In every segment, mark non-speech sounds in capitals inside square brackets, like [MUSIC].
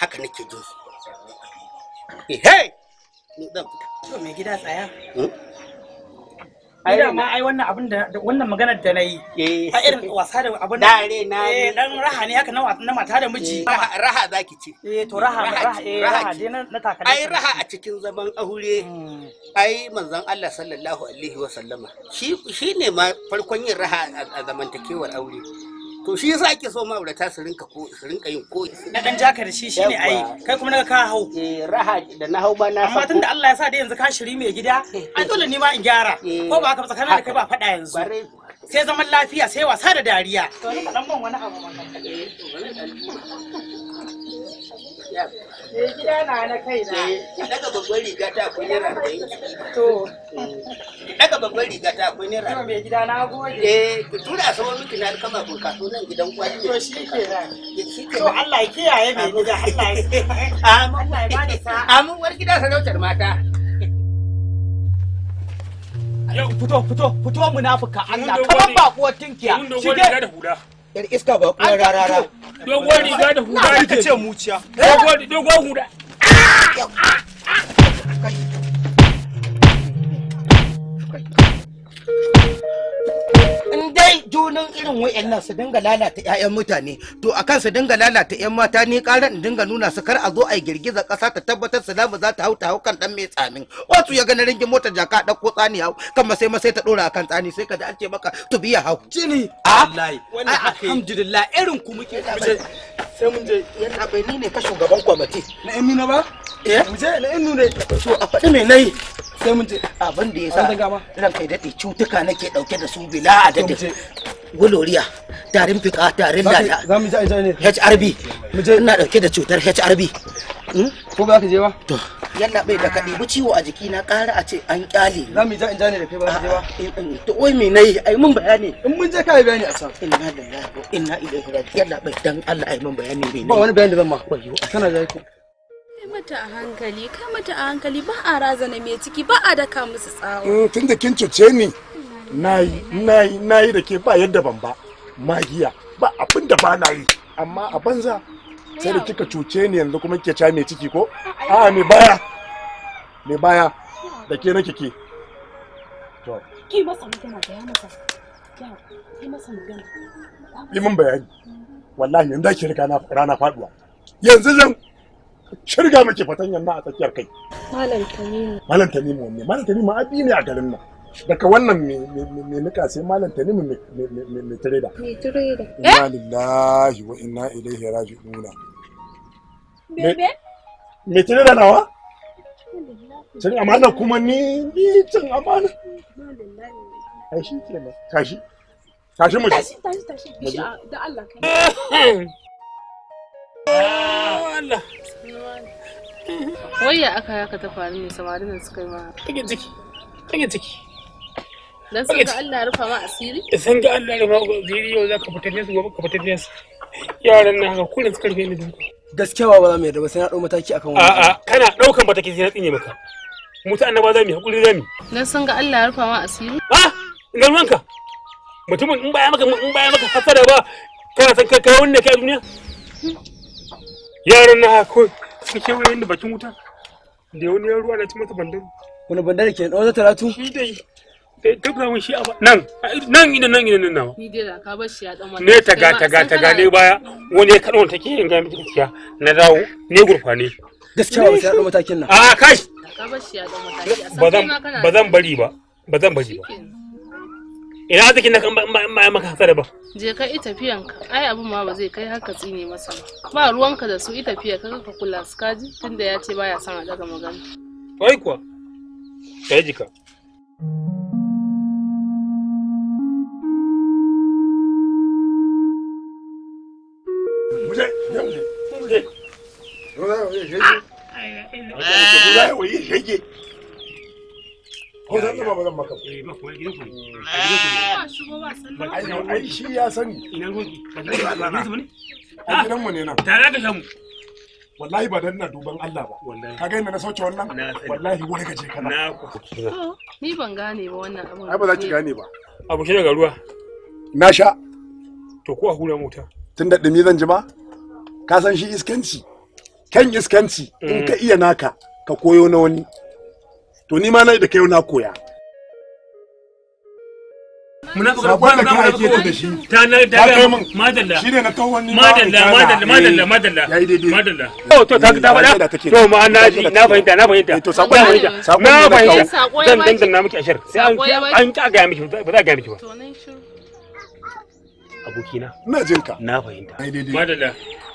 haka nake jin su ehe ni fita to me gida tsaya hmm? ai ma ai wannan abin da wannan maganar da nayi ta eh. irin wasa da abin da dare na eh dan raha ne haka na na mata da miji eh, raha zaki ce eh to raha raha eh raha dai na takala ai raha a cikin zaman aure hmm. ai manzon Allah sallallahu alaihi wa sallama shi shine ma farkon yin raha a zamantakewar aure to shi yasa ake so ma'aurata su rinka ko su rinka yin ko na dan jaka da shi shine ai kai kuma naga ka hau eh raha da na hau ba na amma tunda Allah ya sa da yanzu ka shiri mai gida ai [LAUGHS] dole ni ma in gyara eh, ko ba haka ba tsakanin da kai ba faɗa yanzu sai zaman lafiya sai wasa da dariya to ni faɗan ban wani abu wannan Mai gida na na kai na. daga babban riga ta akwai naira da To. daga eh, babban riga ta akwai naira. mai gida na gode. Eh ki tura miki na nan gidan To shi ke nan. To Allah ya kiyaye mai gida Allah ya. [LAUGHS] Allah ya sa'a. Amin war gida sarautar mata. Yau fito fito fito munafuka Allah kamar tinkiya. Shige. yar iska ba kuma rarara dogon riga da huda ce muciya dogon huda junan irin nan su dinga lalata 'ya'yan mutane to kan su dinga lalata 'yan mata ni karan in dinga nuna su kar a zo a girgiza ƙasa ta tabbatar salama za ta hau ta hau kan dan mai tsamin wato ya ga ringin motar jaka da ko tsani hau kan ma sai ma sai ta dora akan tsani sai ka da an ce maka to biya hau jini ah? wallahi alhamdulillah irin ku muke sai mun je yana bai ni ne ka shugaban kwamiti na in nuna ba eh mu je na in nuna to a faɗi me nayi sai mun ce abin da ya sa kai daɗe cutuka nake ɗauke da su bila a daɗe tarin fika tarin hrb ina ɗauke da cutar hrb hmm? ko ba ka je ba to yalla bai da bu ciwo a jiki na ƙara a ce an ƙyale za mu ja in ja ne da kai ba je ba to me nayi ai mun bayani in mun je kai bayani a can inna lillahi wa inna ilaihi raji'un yalla bai dan Allah ai mun bayani ne ba wani bayani zan ma kana da mata a hankali, kai mata a hankali ba a razana mai ciki ba a daka musu tsawo. Eh, Tun da kin cuce ni, nayi nayi nayi da ke ba yadda ban ba. Magiya ba abin da ba na yi, amma a banza sai da kika cuce ni yanzu kuma kike ca mai ciki ko? A'a me baya. Me baya da ke nake ke. To. Ki masa magana da ya masa. Ki masa magana. Yi mun bayani. Wallahi yanzu ki riga na rana faduwa. Yanzu zan shirga miki fatanyan na a tsakiyar kai malam tanimu malam tanimu wanne malam tanimu abi ne a garin nan daga wannan mai nika sai malam tanimu mai tireda mai tireda inna eh? lillahi wa inna ilaihi raji'una bebe mai tireda nawa cin amana kuma ni ni cin amana ai shi kenan Kashi! Kashi! mu tashi tashi tashi da Allah kai eh. [LAUGHS] oh, Allah ya aka haka ta faru ne samarin da suka yi ma. Kage ciki. Kage ciki. Dan san ga Allah rufa ma asiri? san ga Allah rufa ma asiri yau za ka ne su gobe ka ne su. Yaran nan haka kullum suka rufe ni duk. Gaskiya ba za mu yarda ba sai na dau mataki akan wannan. A'a kana ɗaukan mataki sai na tsine maka. Mu ta annaba za mu hakuri za mu. Dan san ga Allah rufa ma asiri? Ah! Ina ruwanka? Mutumin in baya maka in baya maka hasada ba kana san kai kai wannan kai duniya? Yaran nan haka ka da bakin wuta da wani yan ruwa na ci masa wani ke talatu shi dai shi a nan nan ina nan nan nawa ni dai ka bar shi ne taga taga taga ne baya wani ya kadon take in ga miki gaskiya na dawo ne gurfane gaskiya ba sai matakin nan a kai ka bar shi ba zan bari ba ba zan bari ba ina take na kan ba maka hasara ba je ka ita fiyan ka ai abun ma ba zai kai haka tsine masa ba ruwanka da su ita fiya ka ka kula su kaji tunda ya ce baya son a daga magana kai kuwa kai jika Muje, ko zama ba zan maka eh, ba ko gidan ku eh. ba ah, ba ai shi ya sani ina ruwanki ba zan ne a gidan mu ne nan ah, tare wallahi ba dan na duban Allah ba ka ga inda na sauke wannan wallahi wani gaje kana oh, ni ban gane ba wannan abun ai ba za ki eh. gane ba abu shi daga ruwa na sha to ko a hura mota tun da dumi zan ji ma ka san shi iskanci kan iskanci in mm. ka iya naka ka koyo na wani to ni ma na da kai na koya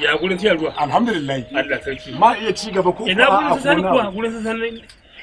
ya gurin ruwa alhamdulillah Allah sarki ma iya ci gaba ko a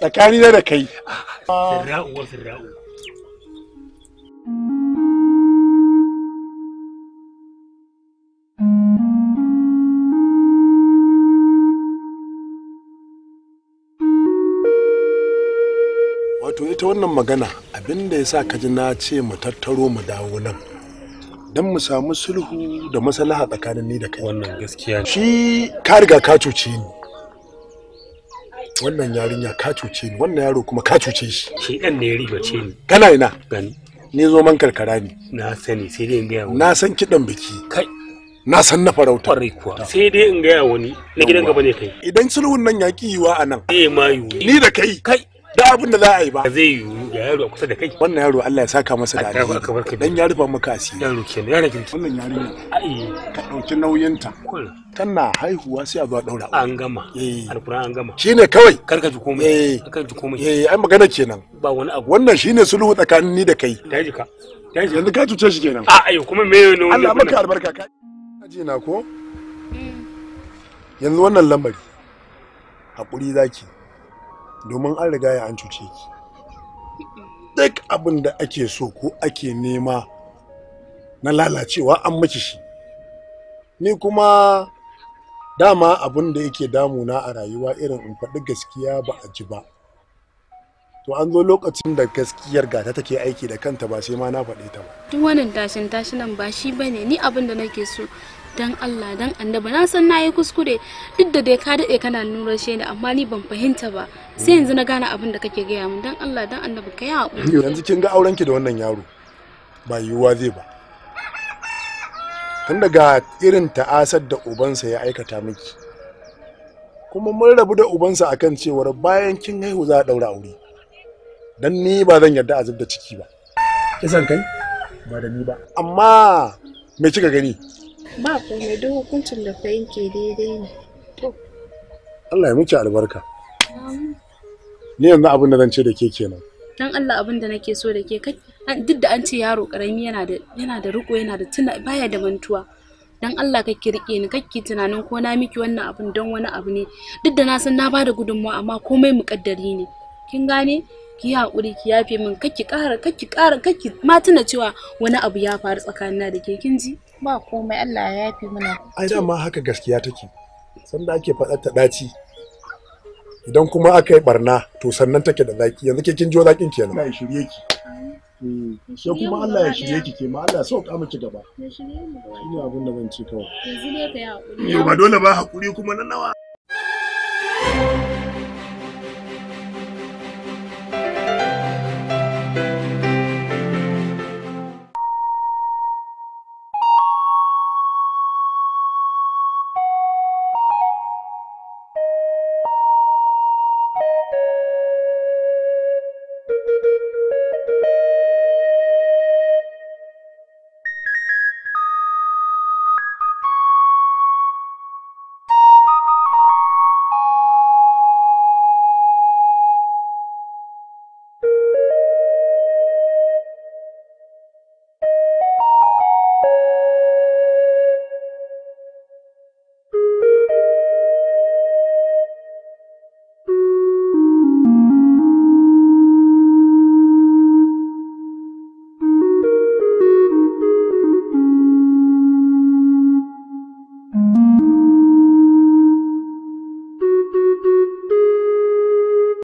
tsakani da kai wato ita wannan magana abinda ya sa ka ji na ce mu tattaro mu dawo nan don mu samu sulhu da masalaha tsakanin ni da kai wannan gaskiya shi ka riga ka cuce ni wannan yarinya ka cuce ni wannan yaro kuma ka cuce shi shi dan ne ya ribace ni kana ina gani ni zo man karkara ne na sani sai dai in ga na san kidan biki kai na san na farauta kwarai kuwa sai dai in ga wani na gidan gaba ne kai idan sulhun nan ya ki yiwa a nan eh mayu ni da kai kai da abin da za a yi ba zai yi ga yaro a kusa da kai wannan yaro Allah ya saka masa da alheri dan ya rufa maka asiri yaro kenan yaro kirki wannan yarinya ai ka dauki nauyinta tana haihuwa sai a zo a daura an gama eh. alquran an gama shine kawai karka ji komai eh karka ji komai eh ai magana kenan ba wani abu wannan shine sulhu tsakanin ni da kai daji ka daji yanzu ka tuce shi kenan a ai kuma me ne Allah maka albarka ka ji na ko yanzu wannan lamari hakuri zaki domin an riga ya an cuce ki duk abin da ake so ko ake nema na lalacewa an miki shi ni kuma dama abin da yake damuna a rayuwa irin in faɗi gaskiya ba a ji ba to an zo lokacin da gaskiyar gata take aiki da kanta ba sai ma na faɗe ta ba duk wannan tashin tashinan ba shi bane ni abin da nake so dan Allah dan annaba na san nayi kuskure duk da dai ka dade kana nurar shi ne amma ni ban fahimta ba sai yanzu na gane abin da kake gaya min dan Allah dan annaba ka ya yanzu kin ga auren ki da wannan yaro ba yiwuwa zai ba tun daga irin ta'asar da ubansa ya aikata miki kuma mun rabu da ubansa akan cewar bayan kin haihu za a daura aure dan ni ba zan yarda a zub ciki ba kisan kai ba da ni ba amma me kika gani ba mai duk hukuncin da ka yanke daidai ne to Allah ya miki albarka ni yanzu abin da zan ce da ke kenan dan Allah abin da nake so da ke kai duk da an ce yaro karami yana da yana da riko yana da tuna baya da mantuwa dan Allah ka rike ni kakki tunanin ko na miki wannan abin don wani abu ne duk da na san na bada gudunmawa amma komai muƙaddari ne kin gane ki haƙuri ki yafe min kakki ƙara kakki ƙara kakki ma tuna cewa wani abu ya faru tsakanina da ke kin ji ba komai Allah ya yafi muna ai dama haka gaskiya take sanda ake faɗa ta ɗaci idan kuma aka yi ɓarna, to sannan take da zaki yanzu ke kin jo zakin kenan Allah ya shirye ki ke kuma Allah ya shirye ki ke ma Allah ya sauka miki gaba ya shirye mu shine abin da zan ci kawai yanzu ne ka yi hakuri ba dole ba haƙuri, kuma na nawa